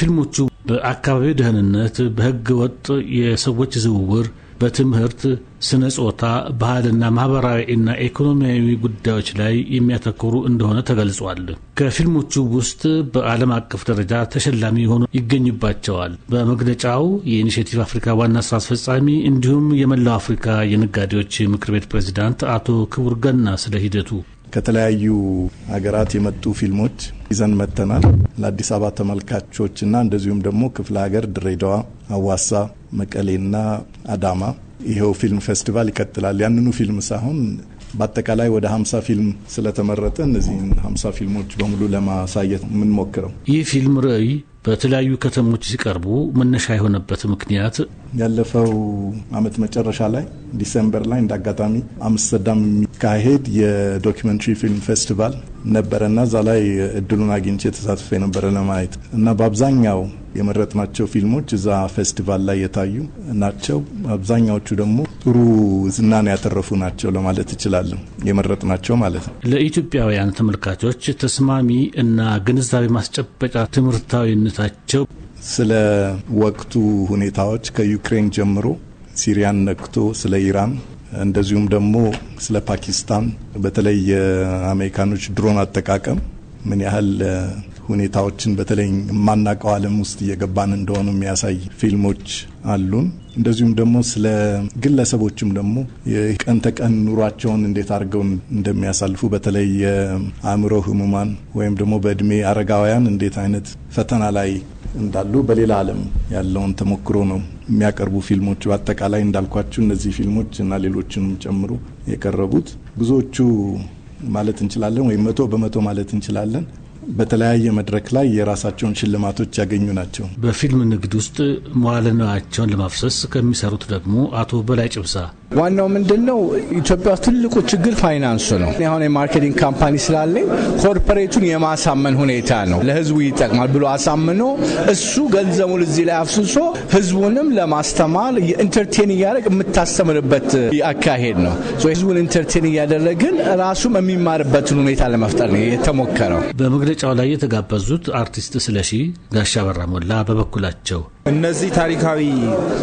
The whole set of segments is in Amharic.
ፊልሞቹ በአካባቢው ደህንነት፣ በህገ ወጥ የሰዎች ዝውውር፣ በትምህርት፣ ስነ ጾታ፣ ባህልና ማህበራዊ እና ኢኮኖሚያዊ ጉዳዮች ላይ የሚያተኩሩ እንደሆነ ተገልጿል። ከፊልሞቹ ውስጥ በዓለም አቀፍ ደረጃ ተሸላሚ የሆኑ ይገኙባቸዋል። በመግለጫው የኢኒሽቲቭ አፍሪካ ዋና ስራ አስፈጻሚ እንዲሁም የመላው አፍሪካ የነጋዴዎች ምክር ቤት ፕሬዚዳንት አቶ ክቡር ገና ስለ ሂደቱ ከተለያዩ ሀገራት የመጡ ፊልሞች ይዘን መጥተናል። ለአዲስ አበባ ተመልካቾችና እንደዚሁም ደግሞ ክፍለ ሀገር ድሬዳዋ፣ አዋሳ፣ መቀሌና አዳማ ይኸው ፊልም ፌስቲቫል ይቀጥላል። ያንኑ ፊልም ሳይሆን በአጠቃላይ ወደ ሀምሳ ፊልም ስለተመረጠ እነዚህን ሀምሳ ፊልሞች በሙሉ ለማሳየት የምንሞክረው ይህ ፊልም ርዕይ በተለያዩ ከተሞች ሲቀርቡ መነሻ የሆነበት ምክንያት ያለፈው አመት መጨረሻ ላይ ዲሰምበር ላይ እንደ አጋጣሚ አምስተርዳም የሚካሄድ የዶኪመንትሪ ፊልም ፌስቲቫል ነበረና እዛ ላይ እድሉን አግኝቼ ተሳትፎ የነበረ ለማየት እና በአብዛኛው የመረጥናቸው ፊልሞች እዛ ፌስቲቫል ላይ የታዩ ናቸው። አብዛኛዎቹ ደግሞ ጥሩ ዝናን ያተረፉ ናቸው ለማለት እችላለሁ። የመረጥናቸው ማለት ነው። ለኢትዮጵያውያን ተመልካቾች ተስማሚ እና ግንዛቤ ማስጨበጫ ትምህርታዊ ግንኙነታቸው ስለ ወቅቱ ሁኔታዎች ከዩክሬን ጀምሮ ሲሪያን ነክቶ ስለ ኢራን እንደዚሁም ደግሞ ስለ ፓኪስታን በተለይ የአሜሪካኖች ድሮን አጠቃቀም ምን ያህል ሁኔታዎችን በተለይ የማናውቀው ዓለም ውስጥ እየገባን እንደሆኑ የሚያሳይ ፊልሞች አሉን። እንደዚሁም ደግሞ ስለ ግለሰቦችም ደግሞ የቀን ተቀን ኑሯቸውን እንዴት አድርገው እንደሚያሳልፉ በተለይ የአእምሮ ህሙማን ወይም ደግሞ በእድሜ አረጋውያን እንዴት አይነት ፈተና ላይ እንዳሉ በሌላ ዓለም ያለውን ተሞክሮ ነው የሚያቀርቡ ፊልሞች። በአጠቃላይ እንዳልኳችሁ እነዚህ ፊልሞች እና ሌሎችንም ጨምሮ የቀረቡት ብዙዎቹ ማለት እንችላለን ወይም መቶ በመቶ ማለት እንችላለን በተለያየ መድረክ ላይ የራሳቸውን ሽልማቶች ያገኙ ናቸው። በፊልም ንግድ ውስጥ መዋለ ንዋያቸውን ለማፍሰስ ከሚሰሩት ደግሞ አቶ በላይ ጭብሳ ዋናው ምንድን ነው? ኢትዮጵያ ውስጥ ትልቁ ችግር ፋይናንሱ ነው። አሁን የማርኬቲንግ ካምፓኒ ስላለኝ ኮርፖሬቱን የማሳመን ሁኔታ ነው። ለህዝቡ ይጠቅማል ብሎ አሳምኖ እሱ ገንዘቡን እዚህ ላይ አፍስሶ ህዝቡንም ለማስተማር ኢንተርቴን እያደረግ የምታስተምርበት አካሄድ ነው። ህዝቡን ኢንተርቴን እያደረግን ራሱም የሚማርበትን ሁኔታ ለመፍጠር ነው የተሞከረው። በመግለጫው ላይ የተጋበዙት አርቲስት ስለሺ ጋሻ በራ ሞላ በበኩላቸው እነዚህ ታሪካዊ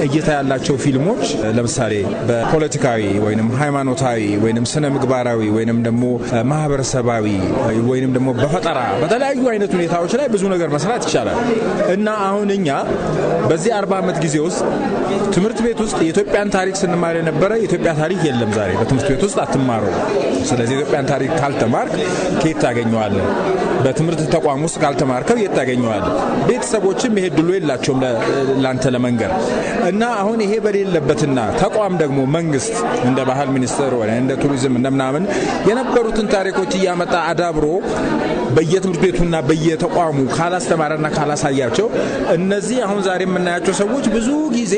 እይታ ያላቸው ፊልሞች ለምሳሌ በፖለቲካዊ ወይም ሃይማኖታዊ ወይም ስነ ምግባራዊ ወይም ደግሞ ማህበረሰባዊ ወይም ደግሞ በፈጠራ በተለያዩ አይነት ሁኔታዎች ላይ ብዙ ነገር መስራት ይቻላል እና አሁን እኛ በዚህ አርባ ዓመት ጊዜ ውስጥ ትምህርት ቤት ውስጥ የኢትዮጵያን ታሪክ ስንማር የነበረ የኢትዮጵያ ታሪክ የለም። ዛሬ በትምህርት ቤት ውስጥ አትማሩ። ስለዚህ የኢትዮጵያን ታሪክ ካልተማርክ ከየት ታገኘዋለህ? በትምህርት ተቋም ውስጥ ካልተማርከው የት ታገኘዋለህ? ቤተሰቦችም ይሄ ድሎ የላቸውም ላንተ ለመንገር እና አሁን ይሄ በሌለበትና ተቋም ደግሞ መንግስት እንደ ባህል ሚኒስቴር ወይ እንደ ቱሪዝም እንደምናምን የነበሩትን ታሪኮች እያመጣ አዳብሮ በየትምህርት ቤቱና በየተቋሙ ካላስተማረና ካላሳያቸው እነዚህ አሁን ዛሬ የምናያቸው ሰዎች ብዙ ጊዜ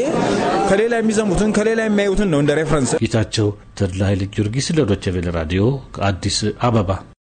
ከሌላ የሚዘሙትን ከሌላ የሚያዩትን ነው እንደ ሬፈረንስ። ጌታቸው ተድላ ኃይለ ጊዮርጊስ ለዶቸቬለ ራዲዮ ከአዲስ አበባ